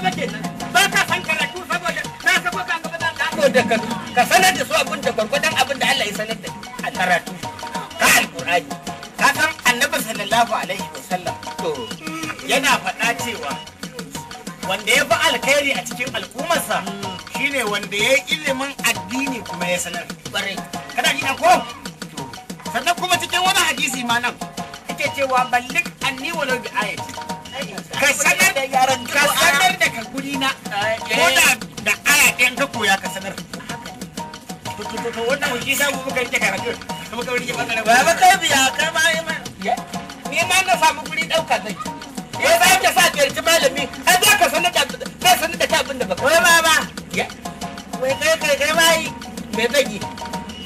ka san karatu saboda da Allah da ka sanar da su abin da gwargwadon abin da Allah ya sanar da a karatu ka alqur'ani ka san annabi sallallahu alaihi wasallam to yana faɗa cewa wanda ya fi alkhairi a cikin al'ummarsa shine wanda ya yi ilimin addini kuma ya sanar bare kana gina ko sannan kuma cikin wani hadisi ma nan ake cewa ballik anni walau bi ayati ka sanar ka sanar da ka na ko da da aya ɗayan ka koya ka sanar wannan wuki sa mu muka ba ba kai biya ma yi ni ma na samu ɗauka zai ka sa malami ai za ka sanar da zai sanar da abin da ba ba wai kai kai kai ma yi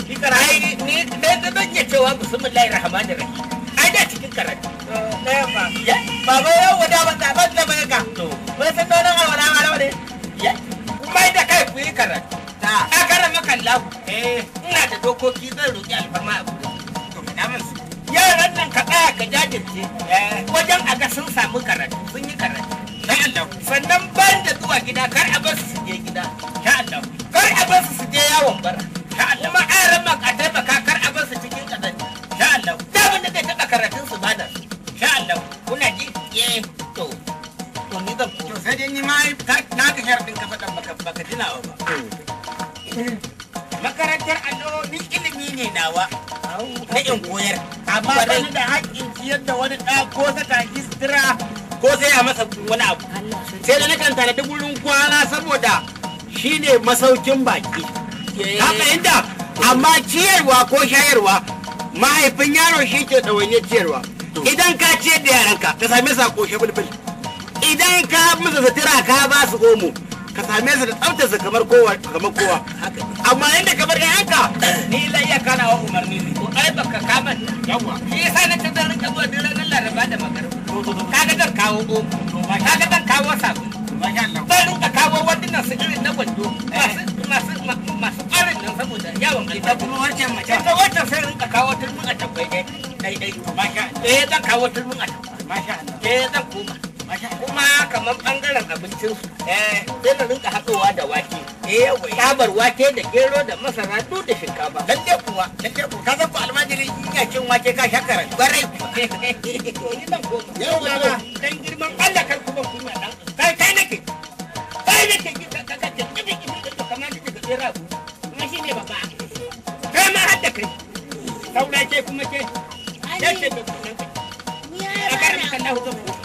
ni karai ni dai zan iya cewa bismillahir rahmanir rahim ai da cikin karatu ɗaya eh, ba baba yau wada ba ta ban da mai ka to bai san da nan awara awara ne kuma da kai ku yi karatu ta ka kara maka lahu eh ina da dokoki zan roki alfarma a gurin to faɗa min su yaran nan ka tsaya ka jajirce eh. wajen a ga sun samu karatu sun yi karatu na Allah sannan ban da zuwa gida kar a bar su je gida Na Allah kar a bar su je yawon bara Ka Allah kuma a ran maka taimaka na ga shardin ka faɗan baka tunawa ba makarantar allo ni ilimi ne nawa na in koyar amma wani da haƙƙin ciyar da wani ɗa ko saka histira ko sai a masa wani abu sai da nakan tanadi gurin kwana saboda shine masaukin baki ka fahimta amma ciyarwa ko shayarwa mahaifin yaro shi ke ɗawainiyar ciyarwa idan ka ciyar da yaranka ka same sa koshe bulbul idan ka musu sutura ka ba su omo ka same su da su kamar kowa kamar kowa amma inda kamar ga yanka ni layya kana wa umarni ne ko ai baka kama yawa shi yasa na ta zan rinka zuwa ranar laraba da ka ga dan kawo ka ga dan kawo ba zan ka kawo wadannan su irin na gwando masu masu masu ƙarin nan saboda yawon kai ta kuma wancan mace ta wancan sai rinka kawo turmin a tabbai dai dai dai ba ka eh dan kawo turmin a tabbai eh dan koma kuma kamar bangaren abincinsu eh sai na rinka haɗowa da wake eh yawa tabar wake da gero da masara duk da shinkafa dan dai kuwa dan dai kuwa ka san ko almajiri in ya cin wake ka shakara gwarai ni ban ko yawa dan girman Allah kar kuma kuma dan kai kai nake kai nake ki ka ka ki ki ki ki kamar ki ga tsira ku kuma shine baba kai ma hadda kai saura ke kuma ke yace da kunan ka karamin kallahu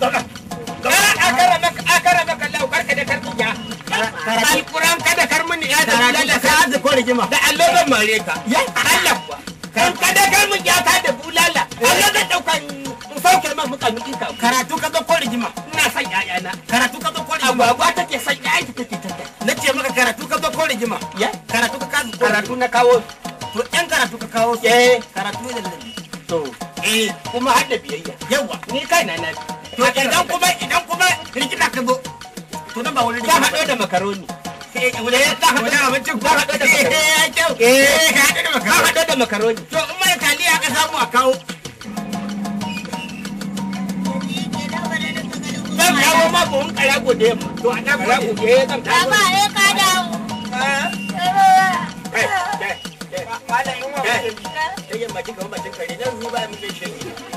alkuran kada kar mun ya da bulala ka azu ko rigima da Allah zan mare ka ya Allah kan kada kar mun ya ka da bulala Allah zan dauka in sauke man muka miki ka karatu ka ga ko jima. ina son yayana karatu ka ga ko jima. agwagwa take son yayi ta take ta na ce maka karatu ka ga ko jima. ya karatu ka ka karatu na kawo to yan karatu ka kawo eh karatu da lalle to eh kuma hadda biyayya yawa ni kai na na biyu idan kuma idan kuma rigina ka zo to nan ba wani rigina haɗo da makaroni wani ya haɗo da abincin ko haɗo da makaroni eh, eh haɗo da makaroni to in mai taliya ka samu a kawo zan kawo ma ko in kara gode to a nan kara gode eh, zan kawo ba eh, ka dawo malam wa kika kare nan zuba mu je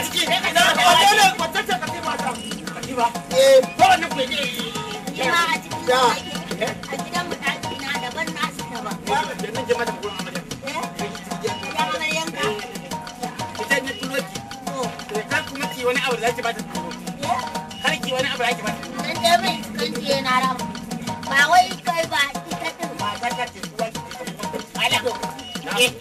a ciki na ba ta ba eh ku a da a gidan mu na na su ba da nan jama'a da eh ne tuloki to kuma ki wani abu da zaki ba ta ki wani abu da zaki ba ta dan mai kan ki ba wai kai ba ita din ba ta ki eh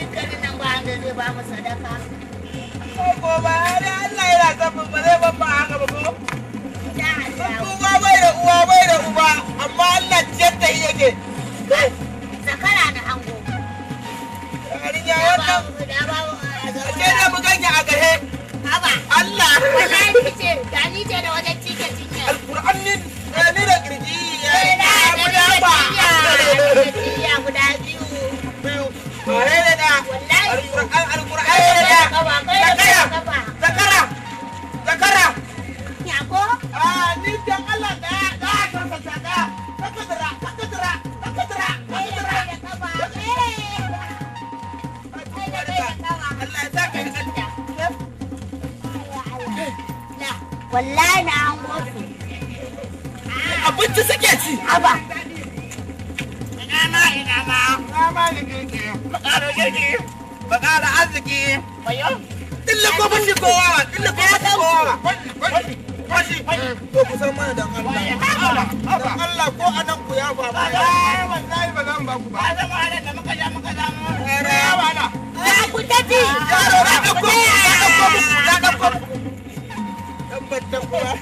dukkanin nan ba wanda mu sadaka ko ba da Allah yana zafin ba zai babba haka ba ko uwa bai da uwa bai da uba amma Allah ciyar iya ke zakara da hango yarinya wannan ke da mu ganye a gahe Allah wallahi ce da ni ce da wajen cike cinya alqur'ani eh, ne da kirji ya da mu da ba Haba. Ina ma ina ma. Ina ma arziki. Mayo. Dille ko bashi kowa. ko bashi kowa. Bashi. Bashi. Ko ku mana dan Allah. Dan Allah ko anan ku ya ba. Wallahi ba zan ba ku ba. Ba zan ba da muka ja muka ja mu. wala. Ya ku tafi. Ya na dauko. Ya dauko. Ya dauko.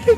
Dan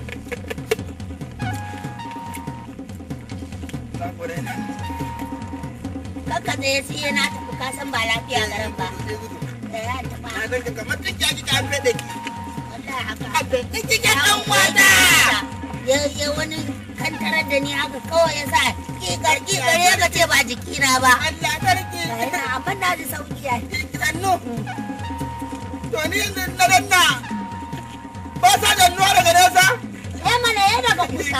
eh sai na tafi ka san ba lafiya garin ba ya kamar ya wani kan tarar da ni haka kawai ya sa kikar ya ga ce ba jikina ba Allah sarki abin da ji sauki ya sannu to ni yanzu na danna ba sa dannuwa daga nesa eh mana ya daga kusa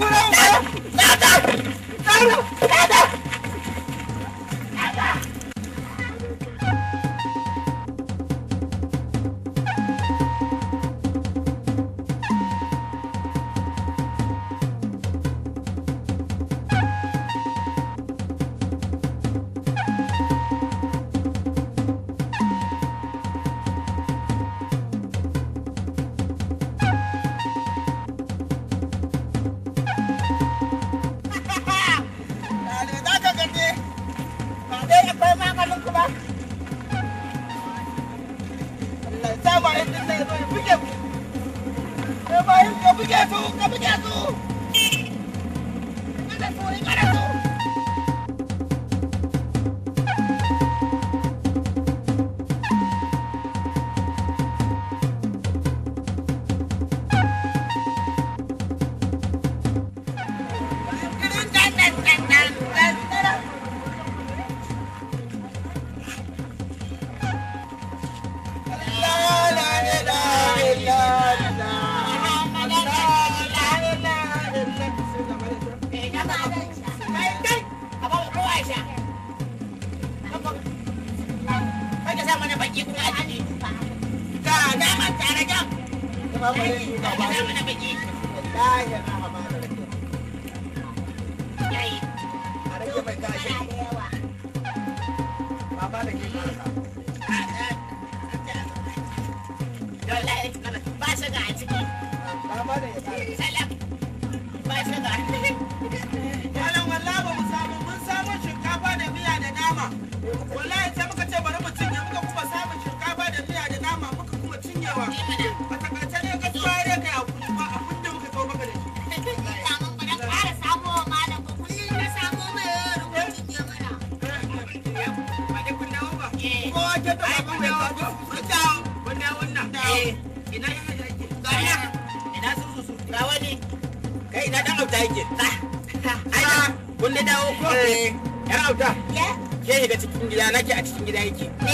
coração. Allah sa like you.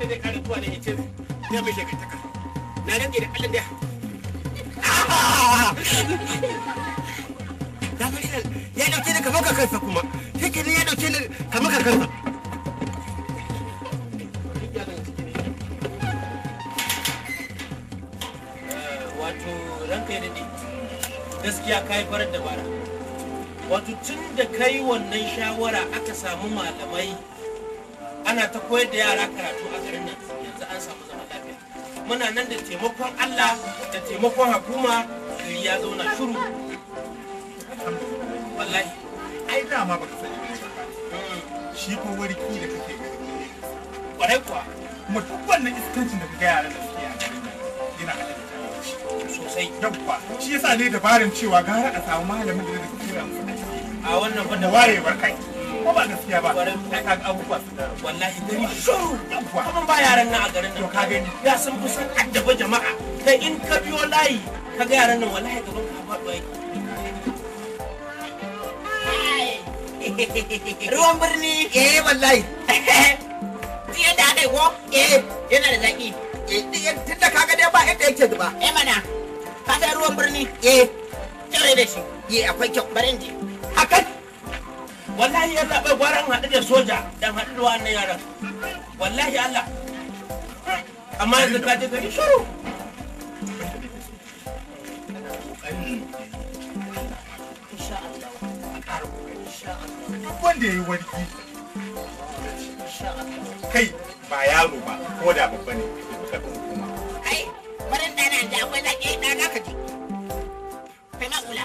wanda zai ƙara zuwa na yace zai mai na da Allah ya dauke ni kamar kakansa kuma take ne ya dauke ni kamar kakansa eh, wato ranka ya dade gaskiya kai farar dabara wato tun da kai wannan shawara aka samu malamai ana ta koyar da yara karatu a muna nan da taimakon Allah da taimakon hukuma ya zo na shuru wallahi ai da dama baka sani shi fa warki da kake gani kwarai kuwa kuma duk wannan iskancin da kake yaran da kake yana da sosai yabba shi yasa ne dabarin cewa gara a samu malamin da zai kira a wannan wanda warewar kai ko ba gaskiya ba ai kaga abubuwa su da wallahi gari shuru yawa kuma ba yaran nan a garin nan ka gani ya san kusan addaba jama'a kai in ka biyo layi ka ga yaran nan wallahi gaban ka faɗo yake ruwan birni eh wallahi tiye da aka yi ko eh yana da zaki eh, eh, tun da kaga dai ba yadda yake zuba eh mana ka ruwan birni eh kyau da shi eh akwai kyau barin je hakan wallahi ya zaɓe gwaran haɗu da soja dan haɗu da wannan yaran wallahi Allah amma yanzu ka je gari shuru wanda ya yi warki kai ba yaro ba ko da babba ne ka kuma ai wurin ɗana da akwai zaƙi ɗana ka ji kai ma'ula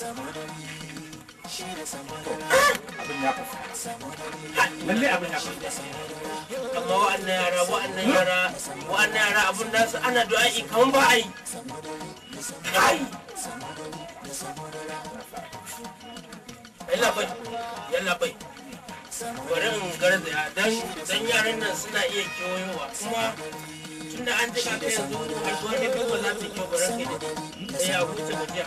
abin lalle abin ya faru wa'annan yara wa'annan yara wa'annan yara abin da su ana du'a'i kaman ba a yi kai yalla bai yalla bai bari garzaya dan dan yaran nan suna iya kewayowa kuma tunda an jika ka yanzu kasuwar da bai za ta kyau bari ka da ya wuce gajiya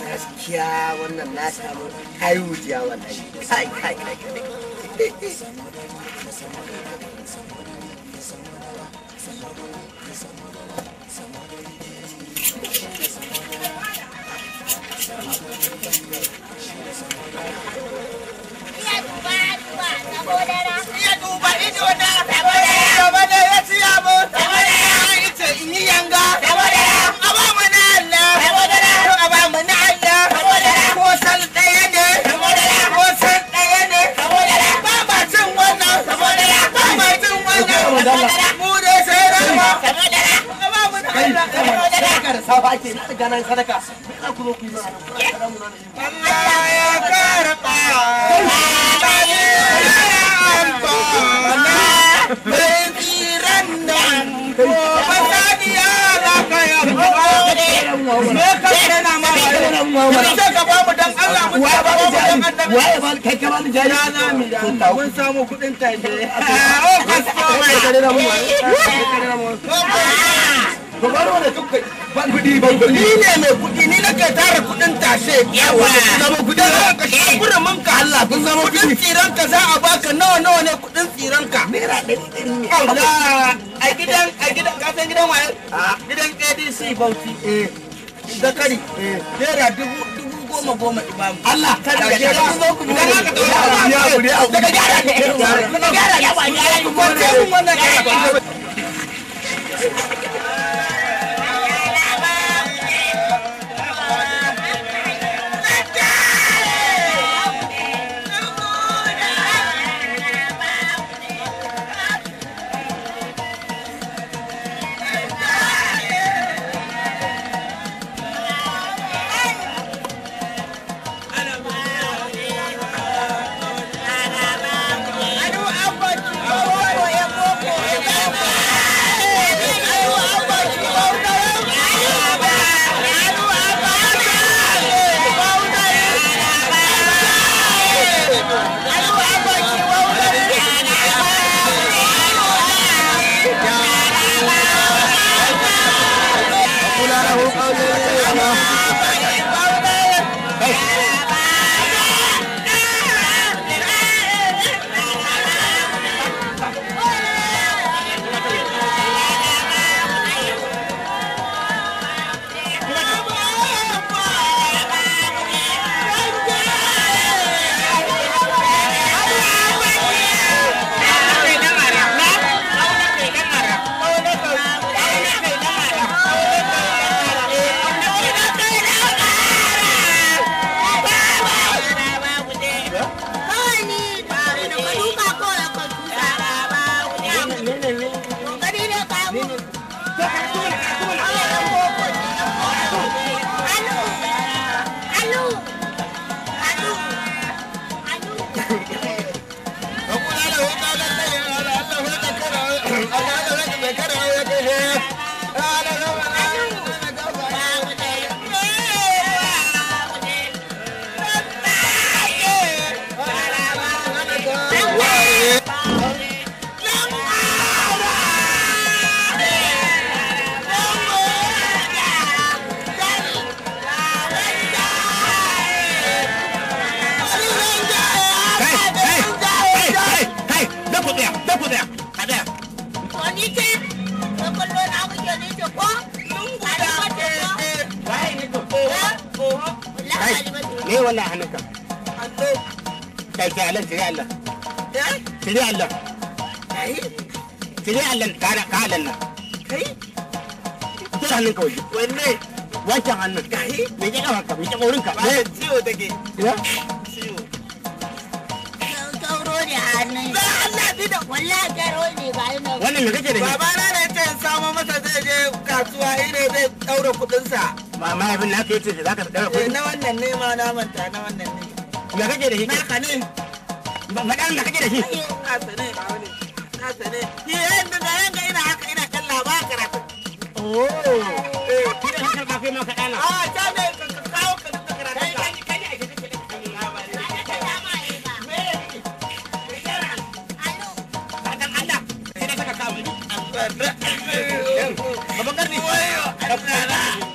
gaskiya wannan duba samu kayi wujiya wallahi kai kai kai Iya duba ido na saboda ya ci abu saboda ya ita yi yanga sadaka da safa ake na nan sadaka me za ku zo ku yi mana Allah ya ba kai ka jari na mi da mun samu kudin kare na kare na To bari wani kuka ban kuɗi ban kuɗi. Ni ne mai kuɗi ni na ke tara kuɗin tashe. Yawa. Zama kuɗi na ka shakura ka Allah kun zama kuɗi. Kuɗin tsiran ka za a baka nawa nawa ne kuɗin tsiran ka. Naira ɗari ne. Allah a gidan a gidan ka san gidan waye. Gidan ADC Bauchi. Zakari. Eh. Eh. Naira Allah shi na sane ban faɗa da kake da shi na sane na sane ni yayin ina haka ina Kan ba karatu oh eh kina haka ba kai ma ka dana a ta ne ka kawo ka da karatu kai kai kai Bapak Karni, wayo, anak-anak.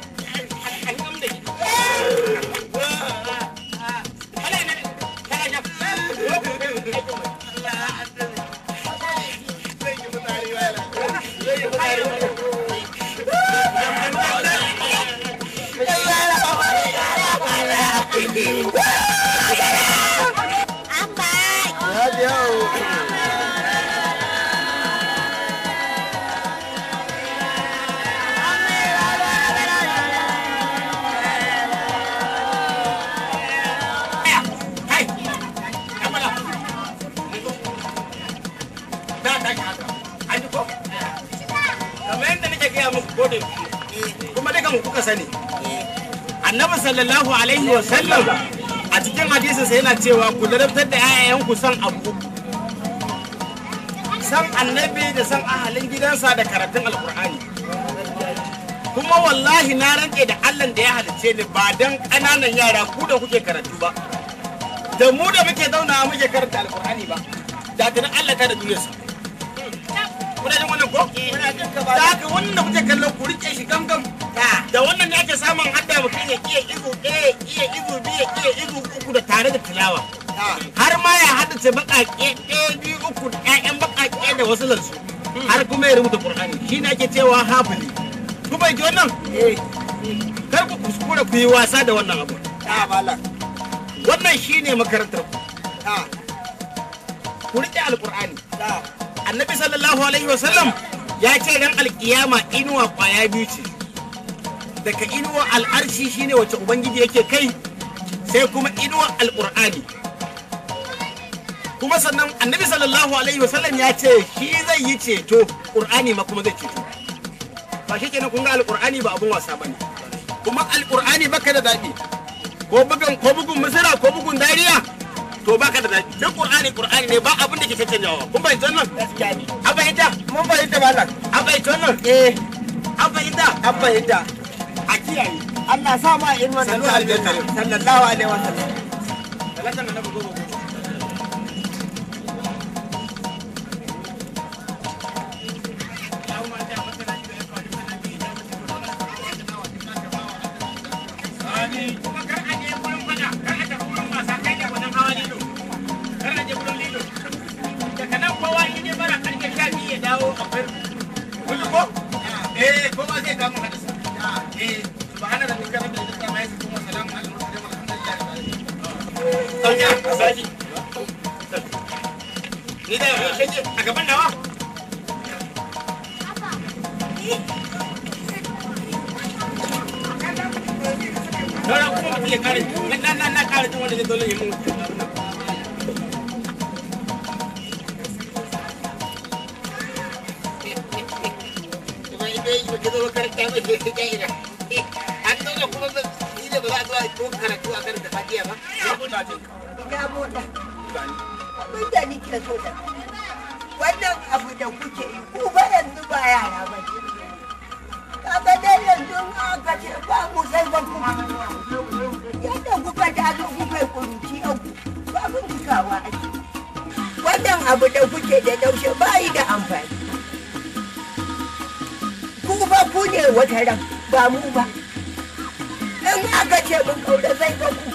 cewa ku larabtar da 'ya'yanku san abu san annabi da san ahalin gidansa da karatun alkur'ani kuma wallahi na rage da allah da ya halice ni ba don ƙananan yara ku da kuke karatu ba da mu da muke zauna muke karanta alkur'ani ba da tunan allah ta da duniyarsa kuna jin wannan ko? Eh. da haka wannan da kuke kallon ku rike shi gangan. da wannan ne ake samun hadda mutum ya kiya izu ɗaya iya kiya izu biyu ya izu uku da tare da tilawa har ma ya haddace baƙaƙe ɗaya biyu uku ƴaƴan baƙaƙe da wasu lansu har kuma ya rubuta ƙur'ani shi ne ake cewa ku bai ji wannan eh. kar ku kuskura ku yi wasa da wannan abu wannan shi ne makarantar ku ku riƙe alƙur'ani annabi sallallahu alaihi wasallam ya ce ran alƙiyama inuwa ƙwaya biyu ce daga inuwa al'arshi shine wacce ubangiji yake kai sai kuma inuwa al'ur'ani kuma sannan annabi sallallahu alaihi wasallam ya ce shi zai yi ceto ƙur'ani ma kuma zai ceto ba shi kenan kun ga ba abun wasa bane kuma al'ur'ani baka da zaɓi ko bugun ko bugun misira ko bugun dariya to baka da zaɓi duk ƙur'ani ƙur'ani ne ba abin da ke canjawa kun bai nan gaskiya ne a fahimta mun fahimta malam a fahimta nan eh an fahimta an ta kiyaye Allah sa ma irin wannan sallallahu alaihi wasallam sallallahu alaihi wasallam abu da kuke da daushe bayi da amfani ku ba ku ne wata ran ba mu ba in aka ce mun kaura zai ba ku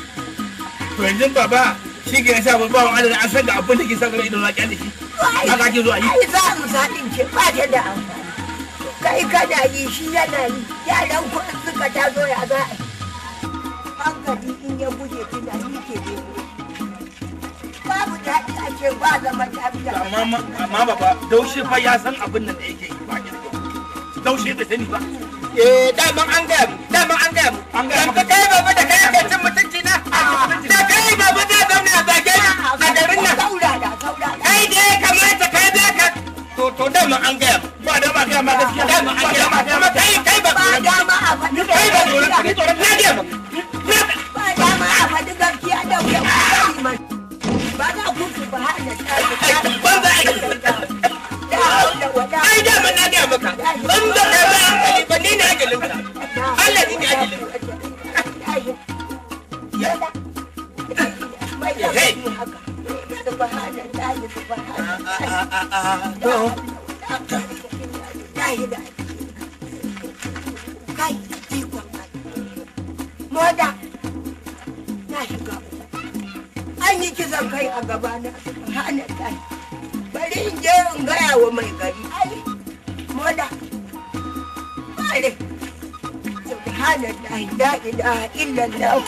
to yanzu baba shi ke sa ba wa adana an san da abin da ke san gara idan na kyale shi haka ke zuwa yi ai za mu sadin ce ba ta da amfani kai kana yi shi yana yi yaran ku suka tazo ya za a hankali in ya guje ce ba da Amma amma daushe fa ya san abin nan da yake yi ba kirkin. Daushe sani ba. Eh daman an daman an An Ka kai baba da kai ah, cin mutunci na. Da kai baba da zauna a a garin nan. Kai da kamata da ka. To to daman an Ba da ma gaskiya. Daman an ma kai kai ba. dama a faɗi. Kai ba Ba dama a faɗi gaskiya da Ba ku banza aiki ai da mun maka ban an yi kisan kai a gabana hana ta bari in je in gaya wa mai gari ai moda bari bare da ila ilaha illallah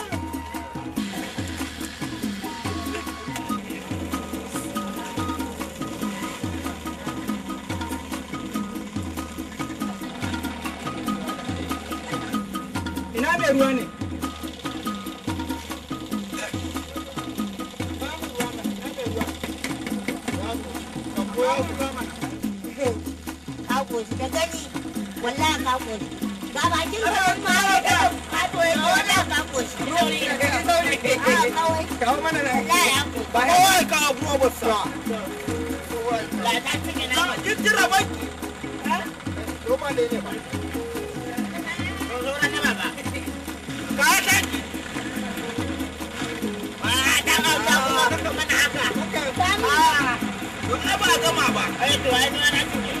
Ina bai ruwa ne? wallahi ka ba ba gama ba eh, na cikin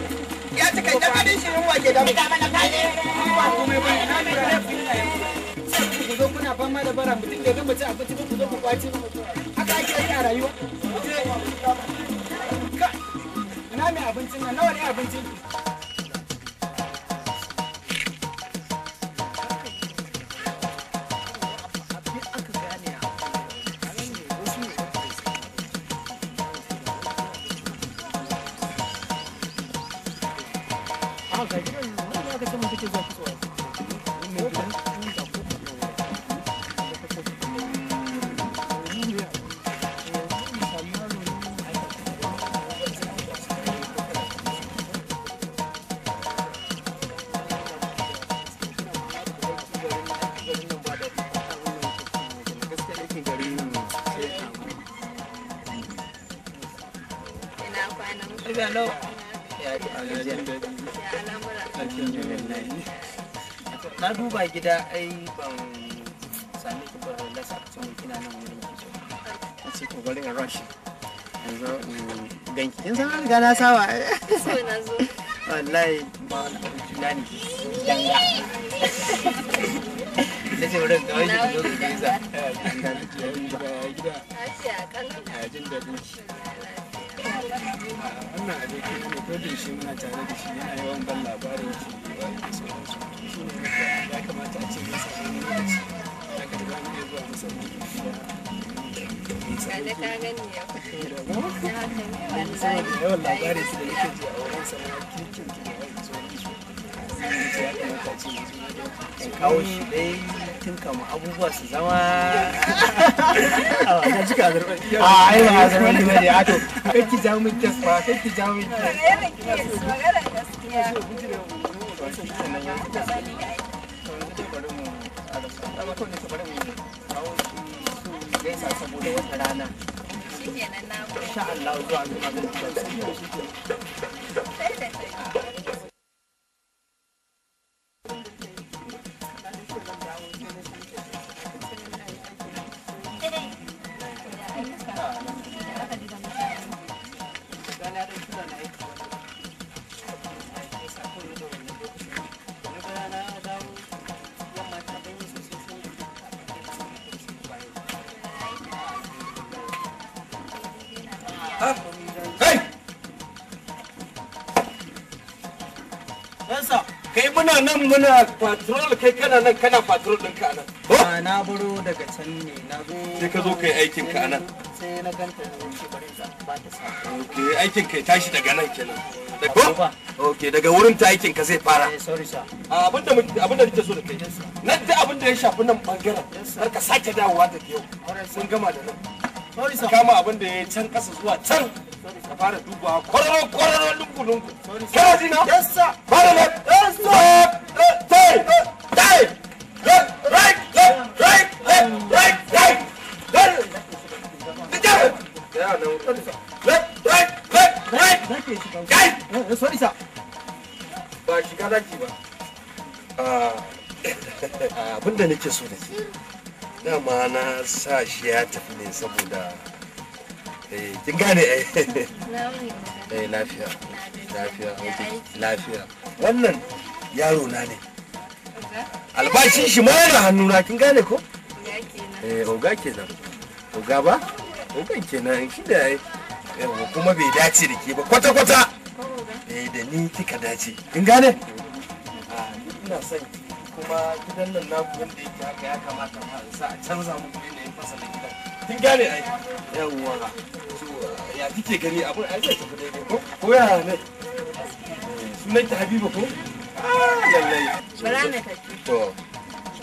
cikin da abin shi ke da mutane da kaje ruwa ne kuna fama da bara mutum da gaba ci abinci ku zo ku kwaci haka ake yi a rayuwa ina mai abincin nan nawa ne abincin ki Na duba gida ai ban sami kibar lasa cikin kina nan wurin kiso. Na ce rush. Yanzu ganki. riga na So zo. Eh? Wallahi ba wani ne. Na ce wurin ga wani zo Gida. Na a A wannan abokin ne ko da shi muna tare da shi yana yawan ban labarin shi ba ya so su ne ya kamata a ce ya samu lokaci ya ka da mu zuwa musamman da ka gani ya kuma yawan labarin su da nake ji a wurin sana'a kirkin da ya so in kawo shi dai tun kama abubuwa su zama a wajen cika zarfa a ai ba a zarfa ne ja kes ba ja kes wata rana insha zuwa ga kai muna nan muna patrol kai kana nan kana patrol din ka nan ba na baro daga can ne na zo sai ka zo kai aikin ka nan sai na ganta da shi bari ba ta sa aikin kai tashi daga nan kenan daga okay daga wurin ta aikin ka zai fara eh, sorry sir abinda abinda nake so da kai nan da abinda ya shafi nan bangaren har ka sake dawowa da yau mun gama da nan ka kama abin da ya can kasa zuwa can ka fara dubawa kwararo kwararo lungu lungu kana jina yes sir fara yes sir left right left right left right right left right left right ba shiga daki ba ah. Ah, abin da nake so da ke dama na sa shi ya tafi ne saboda eh, kin gane eh, eh lafiya lafiya lafiya wannan yaro na ne albashin shi ma yana kin gane ko eh oga kenan oga ba kenan shi da kuma bai dace da ke ba kwata kwata eh da ni kika dace kin gane ah, ina son ki kuma gidan nan naku wanda yake haka ya kamata a sa a canza muku ne fasa da gidan kin gane ai yawwa ya kike gani abin ai zai tafi daidai ko ko ya ne sunan ta habiba ko ah, lallai bara ne to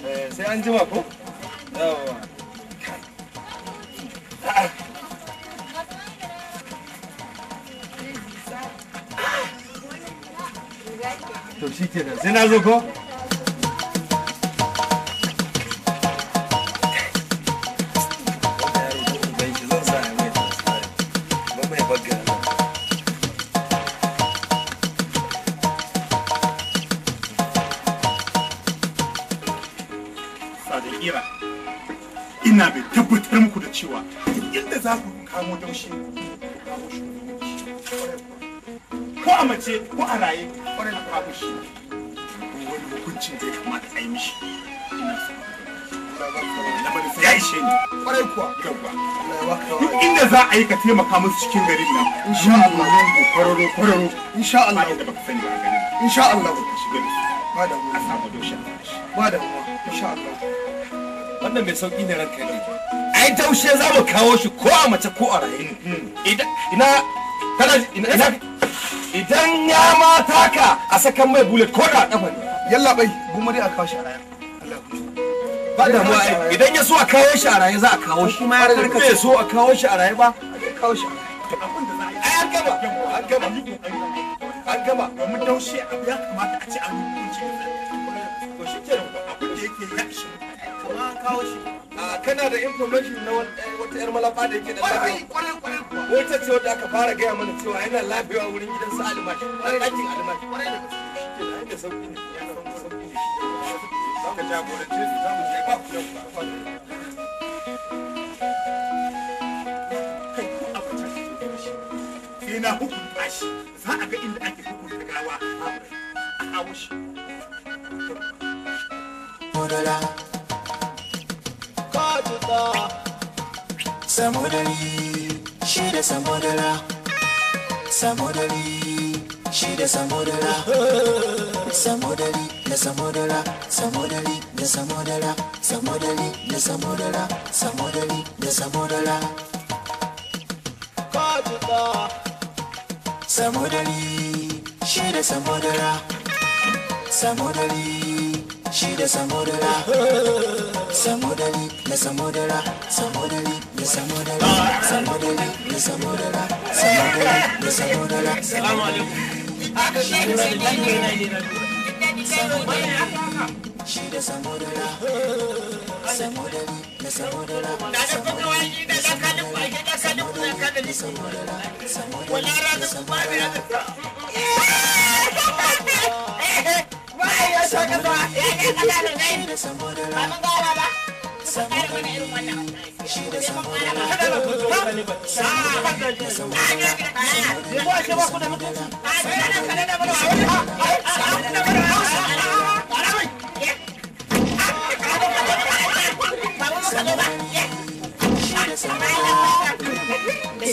eh, sai an jima ko yawwa ah. Ah. to shi kenan sai na zo ko cewa inda za ku kamo daushe ko a mace ko a raye kwarai da kamo shi wani hukuncin da ya kamata a yi mishi ya ishe ni kwarai kuwa gaba duk inda za a yi ka taimaka musu cikin garin nan insha Allah kwararo kwararo insha Allah da baka sani ba garin insha Allah ka shiga da su ba da mu a samu dosha ba da mu insha Allah wannan mai sauki ne ranka ne ai taushe za mu kawo shi ko a mace ko a rayu ina ina idan ya ma taka a sakan mai bullet ko da kafa ne yalla bai gumar a kawo shi a rayu ba da mu idan ya so a kawo shi a rayu za a kawo shi ma ya karkace so a kawo shi a rayu ba a kawo shi a rayu ai an gama an gaba an gaba mu taushe ya kamata a ci an hukunci ko shi ke abin da yake ya shi kana da information na eh, wata yar malafa da yake da lafiya wata ce wadda aka fara gaya mana cewa yana lafiya wurin gidan su alimashi a ɗakin alimashi da sauki ne za mu jagorance su za mu je ba ku hukunta shi za a ga inda ake hukunta gawa a hawo shi. wuta samodari shi da samodara samodari shi da samudura samudari da samudura samudari da samudura samudari da samudura samudari da samudura salamu alaikum shi da samudura samudari da samudura samudari da samudura samudari da samod so wani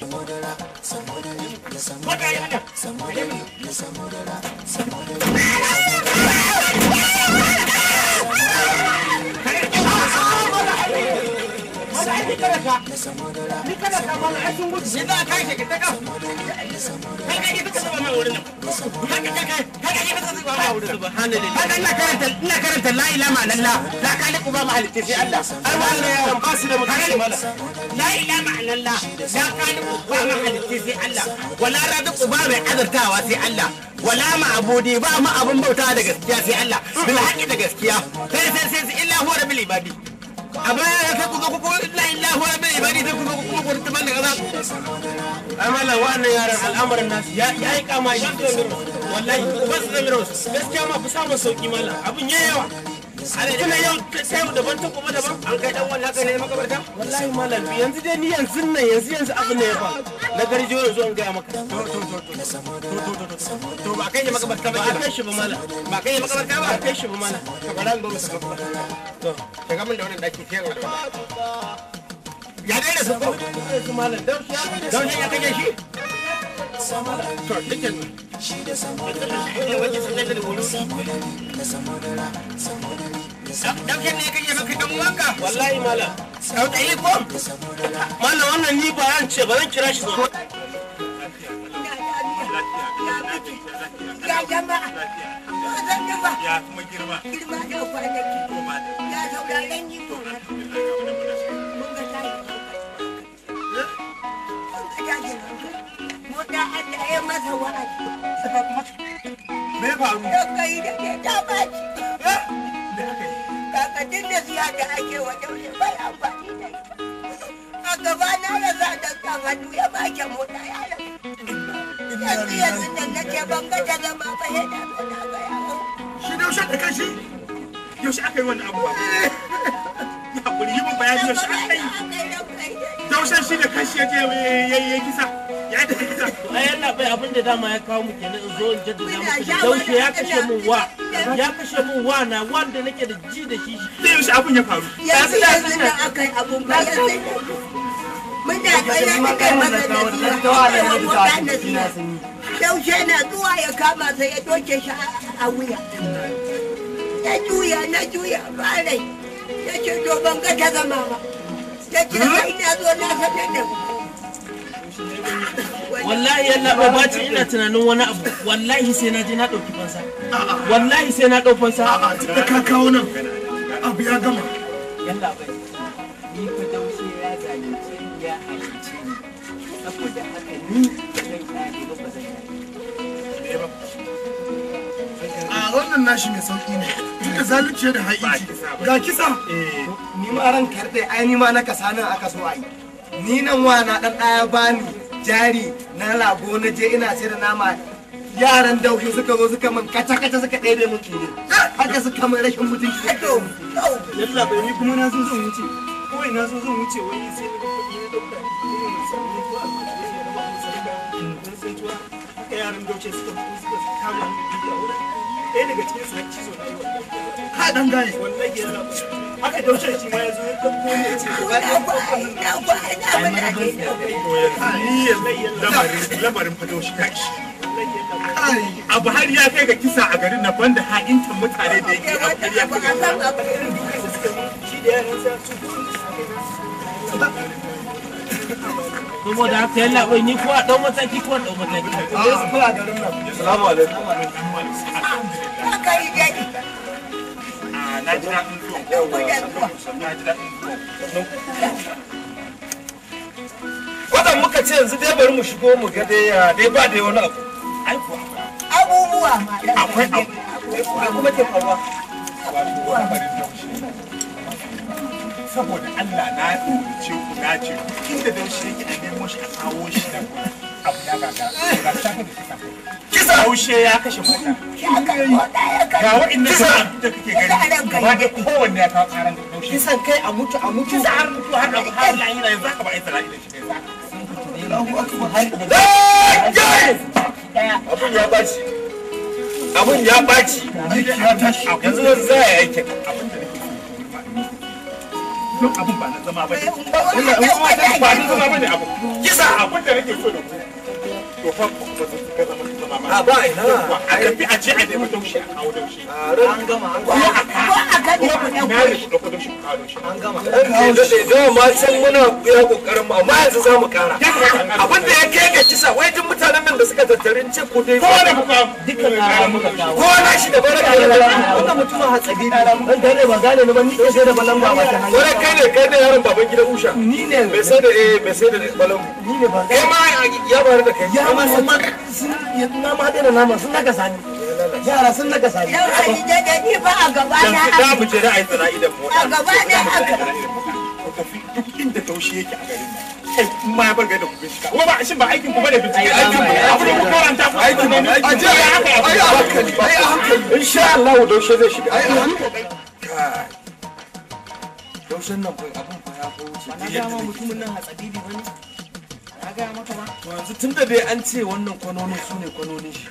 ina karanta la ilama lalla la kaliku ba mahalitta Allah da lalla dan alimu ba Allah wala raziqu ba mai azurtawa sai Allah wala ma'budi ba ma abun bauta da gaskiya sai Allah bil da gaskiya sai sai sai illa huwa rabbil ibadi a baya ku zo ku la ilaha huwa rabbil ibadi sai ku ku ku da kaza amala yaran al'amarin ya yi kama shi wallahi gaskiya ma sauki mala abun Ana yau sai mu daban tun kuma daban an kai dan wannan kai ne makabarta? Wallahi malam yanzu dai ni yanzu nan yanzu yanzu abin ne ya fa. Na garjo da zo in ga maka. To to to to. To ba kai ne makabarta ba ba kai shi ba malam. Ba kai ne makabarta ba kai shi ba malam. Ka bara mu masa makabarta. To daga mun da wannan daki sai ga Ya dai da su ko? Malam dan shi ya kake shi. samara dukkan shi da samara ni ba an kira shi wuta an ya masa wa'azi. Me faru? Da kai ta baci. Eh? da siya da A gaba na ya ce zama ba yaushe aka yi wannan abubuwa? Ya eh. hakuri yi bayani yaushe aka yi. Yaushe shi da kashi ya je ya kisa. ya bai abin da dama ya kawo mu kenan zo in jaddada da yaushe ya kashe min wa ya kashe min wa na wanda nake da ji da shi da yaushe abin ya faru yanzu yanzu nan na yi abun bayan sai mun da kai na kai masa da zuwa yaushe na zuwa ya kama sai ya doke shi a wuya ya juya na juya ba rai ya ce to ban ga ta ba ta ce hmm? na zo na sanar da mu wallahi yalla ba bacin ina tunanin wani abu wallahi sai na je na ɗauki fansa wallahi sai na dauki fansa a'a duk da ka kawo nan abu ya gama yalla bai ni fa daushe ya zalunce ni ya halice ni saboda haka ni zan a wannan nashi mai sauki ne duka zalunce da haƙiƙi ga kisa eh. ni ma ran karɗe ai ni ma na kasa nan aka so ai ni nan wa na ɗan ɗaya bani jari na lago na je ina sayar da nama yaran daushi suka zo suka min kaca-kaca suka ɗebe min kini haka suka min rashin mutunci yalla bai ni kuma na so zan wuce kawai na so zan wuce wani sai na kuɗi na dauka haka yaran dauce suka suka kama min bidiyo ɗaya daga cikin sa cizo na yi wa ka dan gane aka daushe shi ma ya zo ya ɗauko ya ce ba da lamarin lamarin fa daushe ka ishi abu har ya kai ga kisa a garin na banda ha'intan mutane da yake a da yaran sa su saboda haka bai ni ko a dau mataki ko a dau alaikum. na ji daɗin tuwon na ji daɗin tuwon muka ce yanzu dai bari mu shigo mu ga dai ah, dai ba dai wani abu ai ko abubuwa akwai abu kuma ke faruwa saboda Allah na ce ku na ce inda don shi ya a nemo shi a kawo shi da abu ya kisa haushe ya kashe mota ga wa'annan da da kake gani ba da kowanne ya kawo karan haushe kisan kai a mutu a mutu kisa har mutu har abu har lahira yanzu haka ba a yi shi kai abun ya ɓaci abun ya ɓaci yanzu zai aikin abun don abin ba na zama ba ne. Wannan ba na zama ba ne abu. Kisa abin da nake so da ku. to ba su ka zama a ba ina a a je a nemi daushi an gama an ko a an da ma san muna ya kokarin mu amma yanzu mu kara abin da ya kai ga kisa wai mutanen min da suka tattarin ce ku dai ko da ku dukkan kara muka kawo ko na shi da baraka da wannan mutumin hatsabi dan da ba gane ni ba ni sai da balamba ba ta hannu wani kai ne kai ne yaron baban gidan usha ni ne bai sai da eh bai sai da ni ne ba eh ma ya bare da kai amma sun na ma nama sun sani yara sun naga sani dan da ni ba a gaba na da mu da ai tsara idan mu a gaba na a duk inda taushe yake a garin ma bar gaida ku bincika kuma ba shin ba aikin ku bane bincike aikin ku abu da ku ku aikin ne a je haka a hankali a hankali insha Allah daushe zai shiga ai a hankali daushen nan kai fa ya fi wuce ne mutumin nan hatsabibi bane gaya maka ba to yanzu tun da dai an ce wannan kwanonin su ne kwanonin shi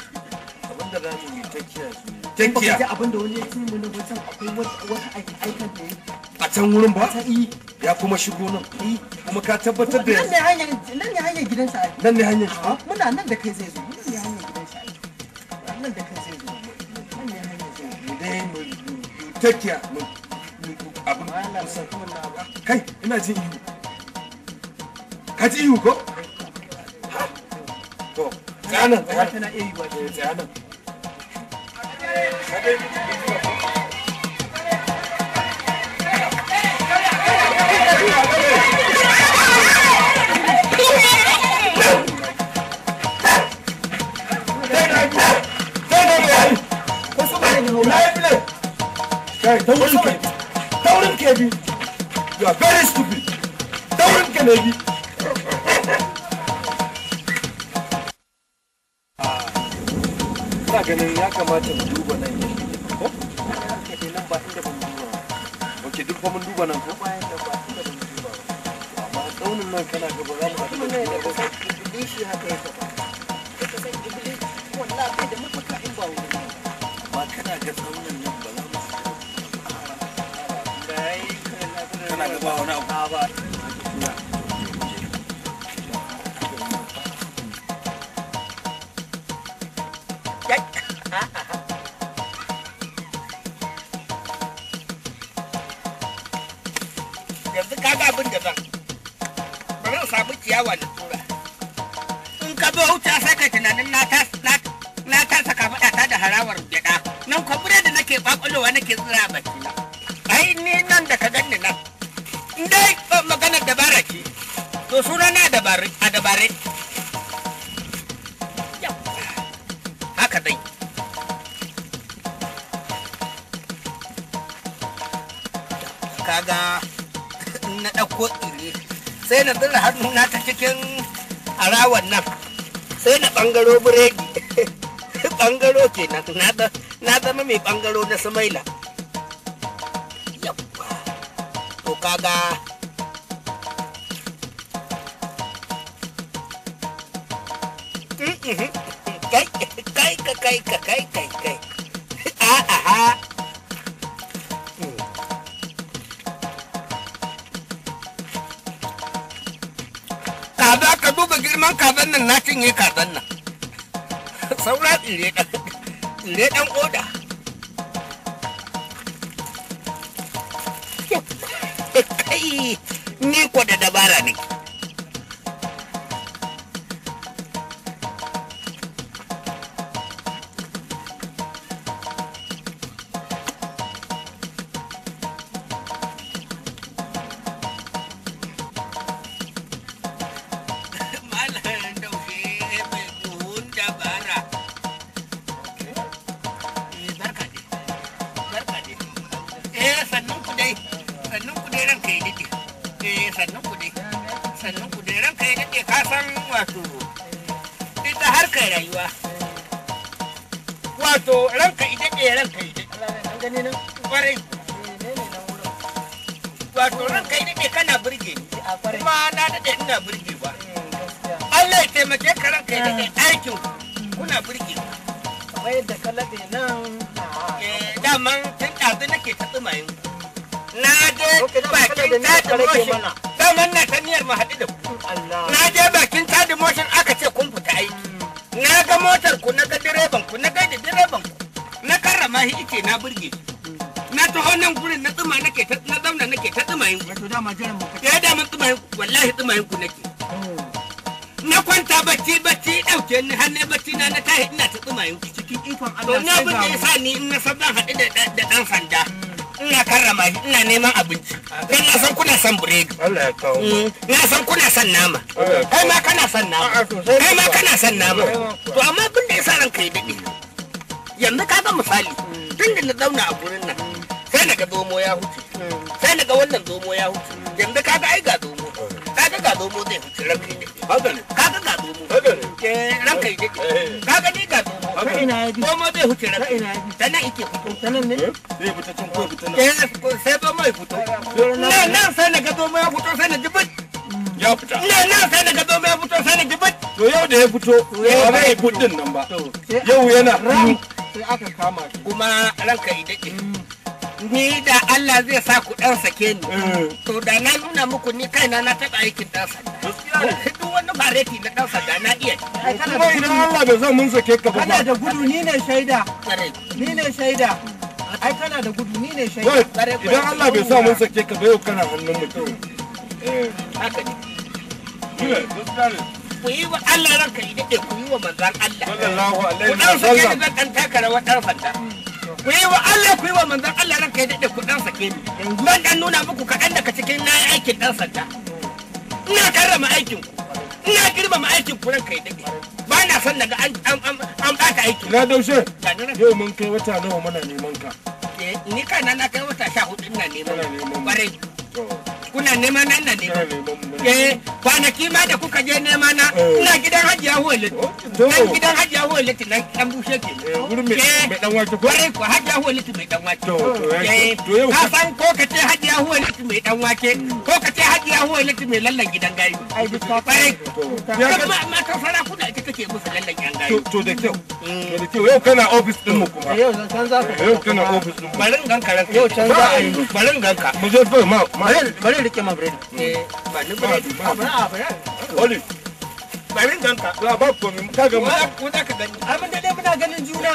za mu yi takiya su ba wani ya ce akwai wata da a can wurin ba ya kuma shigo nan kuma ka tabbatar da nan ne hanyar nan ne hanyar gidansa ai nan ne hanyar shi muna nan da kai zai zo nan ne hanyar gidansa ai nan da kai zai zo nan ne hanyar zai dai mu mu abin kai ina jin ihu ka ji ihu ko Don't look Taurin ke bi, you are very stupid. Taurin ke at bi. ganin ya kamata mu duba nan ne ko? Ka ce nan ba inda ban duba. Oke duk fa mun duba nan ko? harawar gyaɗa nan ko da nake bakwalowa nake tsira bakina ai ni nan da ka ganni nan dai maganar dabara ce to suna na dabare a dabare haka dai kaga na ɗauko tsire sai na tsira hannuna ta cikin harawan nan sai na ɓangaro biredi bangaro ke na to na zama mai bangaro na samaila yabba to kaga kai kai kai kai kai kai a'a kaza ka duba girman kazan nan na cinye kazan nan saura tsire ɗan oda ni ko da dabara ne wato ran kai dade kana burge kuma na dade ina burge ba Allah ya taimake ka ran kai dade aikin kuna burge kamar yadda ka nan eh, daman tun ɗazu nake ta tsumayin na je bakin tadi motion daman na ta mu haɗu da ku na je bakin tadi motion aka ce kun fita aiki na ga motar ku na ga direban ku na ga direban ku na karrama shi na burge na taho nan gurin na tsuma nake ta na zauna nake ta tsimayin wato dama jiran maka ya dama wallahi ku nake na kwanta bacci bacci dauke ni har ne bacci na na tahi ina ta tsimayin ku cikin ikon Allah sai ga na ni in na haɗu da dan sanda ina karrama shi ina neman abinci dan na san kuna son biredi Allah ya kawo mm, na san kuna nama kai ma kana son nama kai ma kana nama to amma yanzu ka ga misali tun da na zauna a gurin nan sai daga zomo ya huce sai daga wannan domo ya huce yanzu kaga ai ga domo? kaga ga domo zai huce ranka ne haka ne kaga ga zomo haka ne ke eh, ranka ne eh. kaga ni ga zomo haka ina yaji zomo zai huce ranka ina yaji sanan ike fito sanan ne eh, zai fita tun ko fita nan eh sai domo ya fito nan nan sai daga zomo ya fito sai na jibin ya fita nan nan sai daga zomo ya fito sai na jibin to yau da ya fito ba zai fudin nan ba yau yana ran sai aka kama kuma ranka ne dake mm. ni da Allah zai sa ku dan sake ni eh. to da na nuna muku ni kaina na taɓa aikin dan sanda duk wani bareti na dan sanda na iya kuma idan Allah bai zan mun sake ka ba kana da gudu ni ne shaida ni ne shaida ai kana da gudu ni ne shaida idan Allah bai sa mun sake ka ba yau kana hannun mutum eh haka ne ku yi wa Allah ranka idan ku yi wa manzan Allah. Sallallahu alaihi wa Ku ɗan sake da zan ɗan taka rawar ɗan fanta. ku yi wa Allah ku yi wa manzon Allah ran kai daɗe ku ɗan sake ni ban ɗan nuna muku kaɗan daga cikin na aikin ɗan sanda ina karrama aikin ku ina girmama aikin ku ran kai daɗe ba na son daga an ɓata aiki. Na daushe yau mun kai wata nawa muna neman ka. Eh, ni kana na kai wata sha hudu ina neman. Bare kuna neman nan da neman. eh kwanaki ma da kuka je nema na eh. ina gidan hajiya huwalit oh, nan gidan hajiya huwalit nan dan bushe ke eh, wurin mai dan eh, wato kwarai ko hajiya huwalit mai dan wato eh ka san ko ka ce hajiya huwalit mai dan wake ko ka ce hajiya huwalit mai lallan gidan gayu ai duk ka kwarai kuma ma ka fara kuna ita kake musu lallan gidan gayu to da kyau mm. to da kyau yau kana office din mu kuma yau zan canza yau kana office din mu barin ganka yau a ma bari rike ma biredin eh ba ni barin ganka la ba ko mi ka ga mu ko da ka gani amma da dai muna ganin juna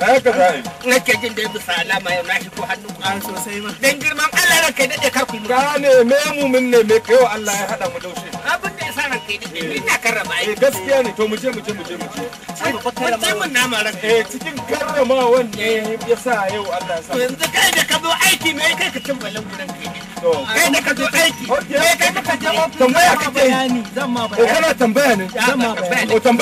eh ka sai na ke jin dai bisa alama yau na shi ko hannu an sosai ma dan girman Allah ranka da dai ka ku ga ne me mu mun ne me kai Allah ya hada mu daushe abin da yasa ranka da dai ina karrama eh, ai gaskiya ne to mu je mu je mu je mu je sai mun nama ranka eh cikin karramawan ne yasa yau Allah ya sa yanzu kai da ka zo aiki me kai ka cin balan gurin kai kai da ka zo aiki kai kai ka je ma bayani eh, kana bayani o oh, bayani za bayani eh. to tun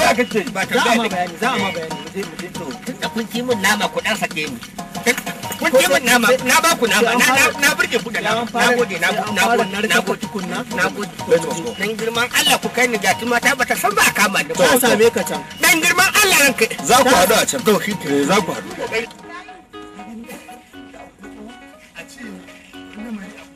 da kun ci min nama ku dan sake ni kun ci min nama na ba ku da kai ni ga bata san ba kama ni ba same ka can dan girman Allah ranka za ku hadu a can to shi za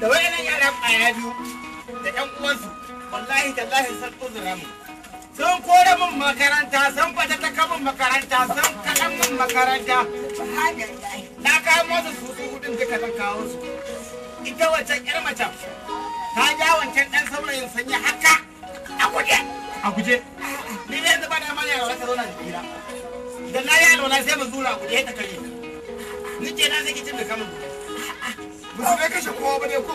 da wayannan yaran ƙwaya biyu da ƴan uwansu wallahi tallahi san uzura mu sun kore min makaranta sun fata ta kamun makaranta sun kaɗan min makaranta na kawo masu su su hudun duka ta kawo su ita wancan ƴar macen ta ja wancan ɗan saurayin sanya haka a guje a guje ni ne zuba da mana yawon ta zauna da jira. Da na yi alwala sai mu zura guje ta kare ni ke na zai kicin da kamun guje musulmai kashe kowa ba ne ko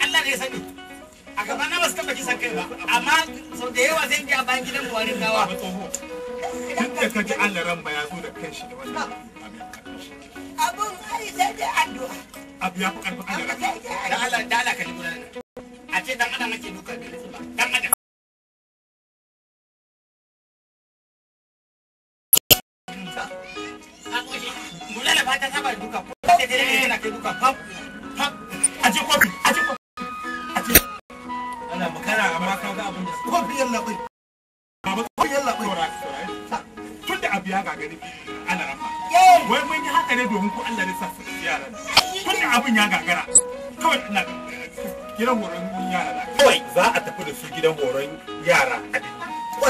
Allah ne sani a gaba na basu taba kisan kai ba amma sau da yawa zai ji a bayan gidan buwarin gawa tun da ka ji Allah ran ya zo da kanshi da wannan abun ai sai dai addu'a abu ya fi karfin Allah da da Allah ka ji a ce dan adam ake dukan da ba dan adam duka fab fab a je kofi a je kofi a je ana makara amma ka ga abin da kofi yalla bai baba kofi yalla bai tun da abu ya gagari ana rafa wai mun yi haka ne domin ko Allah ne sa su yara tun da abin ya gagara kawai ina eh, gidan horon yara kawai za a tafi da su gidan horon yara a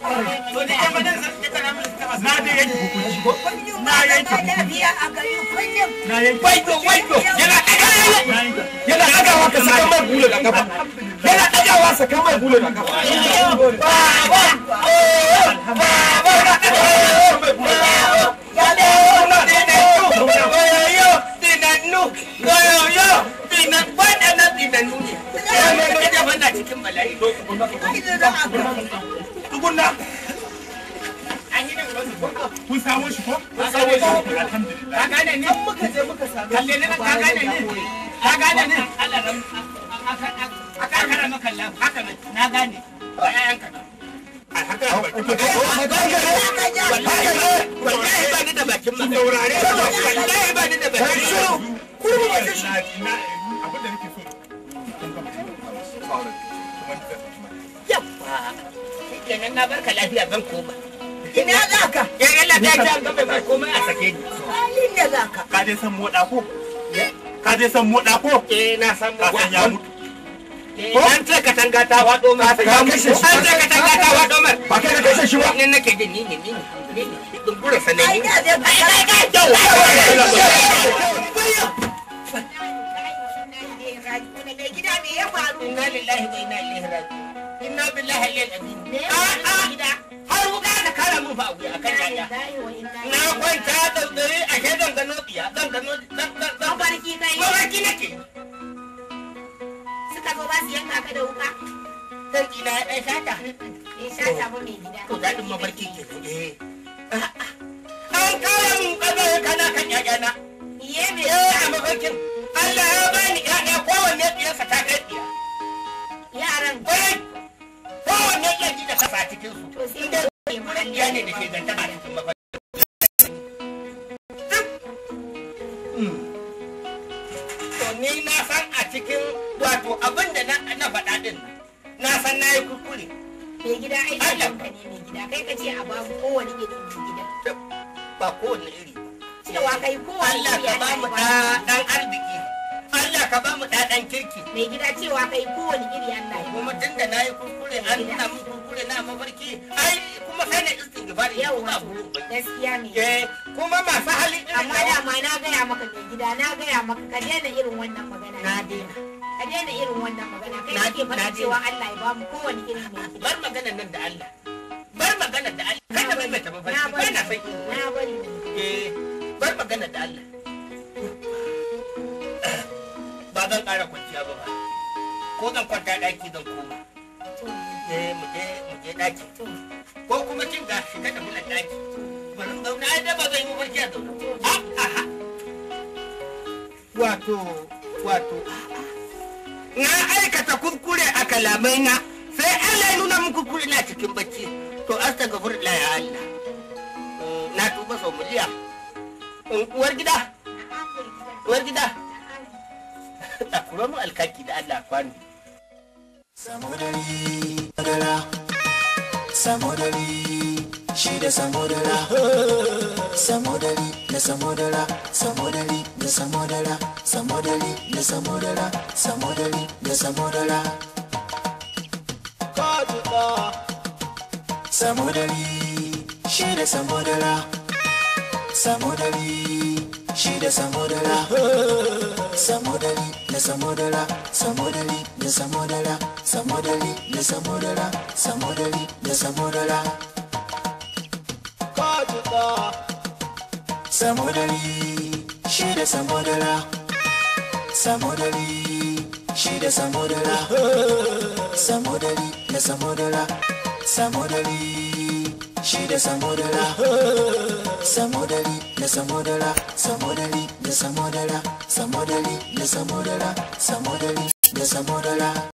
to ni ai madan na da yanki na yanki a na yanki waito waito yana yana dagawa ka saka mai da kafa yana dagawa saka mai gulu da kafa baba na dagawa mai gulu da kafa ya dawo tsugunna kun samu shi ko? Kun samu shi ko? Ka gane ne? Kan muka je muka samu. Kalle ne ka gane ne? Ka gane ne? Allah ran a kakara maka Allah haka ne na gane ba yayan ka. ba ni da bakin dan na barka lafiya ban koma ina za ka ya Allah ta ta ban bai komai a sake ni halin da za ka ka dai san ko ka dai san moda ko eh na san ka ya mutu An ce ka tanga ta waɗo ma. Ka kashe shi. An ce ka tanga ta waɗo Ba kai ka kashe shi ba. Nan nake jin ni ne ni ne. Dumbura sanai. Ai ai ai kyau. Inna lillahi wa inna ilaihi raji'un. inna billahi lil azim har wuka da kara mun fa wuya kan jaya na kwanta tsantsare a ke zan gano biya zan gano mafarki kai mafarki nake suka zo ba su yanka ka da wuka sarki na ya dan shata ya shata ba mai gida to dadin mafarki ke eh an kara mun kazan kana kan yayana ye me ya eh, mafarkin Allah ya bani ƴaƴa kowanne ɗiyarsa ta kai ɗiya. Yaran. Kwarai. kowanne iya ji da kasa a cikin su idan mai murandiya ne da ke zanta a cikin mafarki hmm. to ni na san a cikin wato abin da na faɗa din na san na yi kuskure mai gida ai ka ne mai gida kai ka ce a babu kowane irin mai gida ba kowane iri cewa kai kowane iri Allah ka ba mu ɗan arziki Allah ka ba mu ɗaɗan kirki. Mai gida cewa ka yi kowane iri Allah ya. Kuma tun da na yi kurkure an nuna mun kurkure na mafarki ai kuma sai na istighfar ya ba buru. Gaskiya ne. Eh kuma masu hali irin Amma da ma na gaya maka mai gida na gaya maka ka daina irin wannan magana. Na daina. Ka daina irin wannan magana kai kake faɗa cewa Allah ya ba mu kowane iri mai gida. Bar magana nan da Allah. Bar magana da Allah. Kada mai mai taɓa ba. Na bari. Na bari. Eh bar magana da Allah. ba zan ƙara kwanciya ba ko zan kwanta daki zan koma eh mu je mu je daki ko kuma kin ga shiga da bulan daki bari mu zauna da ba zan yi mafarki a zauna wato wato na aikata kuskure a kalamai na sai Allah ya nuna muku kuskure na cikin bacci to astaghfirullah ya Allah mm, na tuba sau miliya mm, uwar gida uwar gida tsakuro mu alkaki da Allah kwano. Samu dari madara, samu dari shi da samu dara, samu dari da samu dara, samu dari da samu dara, samu dari da samu dara, samu dari da samu dara. Kajuta, samu dari shi da samu dara, samu dari shi da samu dara, samu dari da samodara samodari da samodara samodari da samodara samodari da samodara kajuta samodari shi da samodara samodari shi da samodara samodari da samodara samodari shi da samodala, samodari da samodala, samodali da samodala, samodali da samodala, samodari da samodala.